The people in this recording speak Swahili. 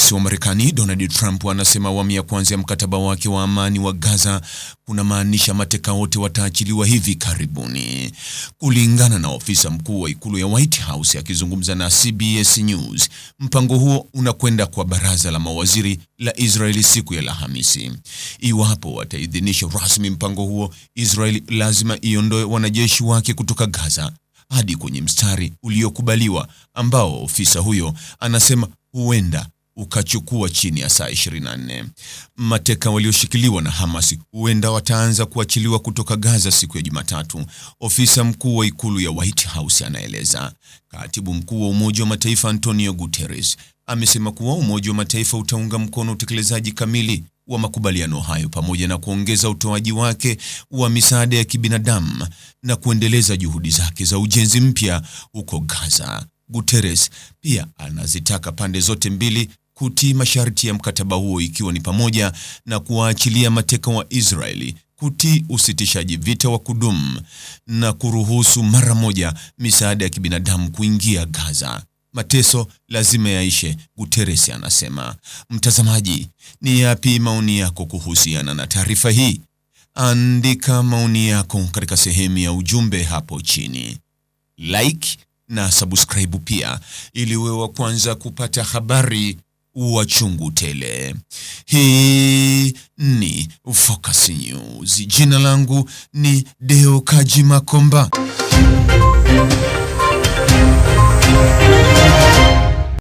Rais wa Marekani Donald Trump anasema awamu ya kwanza ya mkataba wake wa amani wa Gaza kunamaanisha mateka wote wataachiliwa hivi karibuni. Kulingana na ofisa mkuu wa ikulu ya White House akizungumza na CBS News, mpango huo unakwenda kwa baraza la mawaziri la Israeli siku ya Alhamisi. Iwapo wataidhinisha rasmi mpango huo, Israeli lazima iondoe wanajeshi wake kutoka Gaza hadi kwenye mstari uliokubaliwa ambao ofisa huyo anasema huenda ukachukua chini ya saa 24. Mateka walioshikiliwa na Hamas huenda wataanza kuachiliwa kutoka Gaza siku ya Jumatatu, ofisa mkuu wa ikulu ya White House anaeleza. Katibu mkuu wa Umoja wa Mataifa Antonio Guterres amesema kuwa Umoja wa Mataifa utaunga mkono utekelezaji kamili wa makubaliano hayo pamoja na kuongeza utoaji wake wa misaada ya kibinadamu na kuendeleza juhudi zake za ujenzi mpya huko Gaza. Guterres pia anazitaka pande zote mbili kutii masharti ya mkataba huo ikiwa ni pamoja na kuwaachilia mateka wa Israeli, kutii usitishaji vita wa kudumu na kuruhusu mara moja misaada ya kibinadamu kuingia Gaza. Mateso lazima yaishe, Guterres anasema. Mtazamaji, ni yapi maoni yako kuhusiana na taarifa hii? Andika maoni yako katika sehemu ya ujumbe hapo chini. Like na subscribe pia ili uwe wa kwanza kupata habari wa chungu tele. Hii ni Focus News. Jina langu ni Deo Kaji Makomba.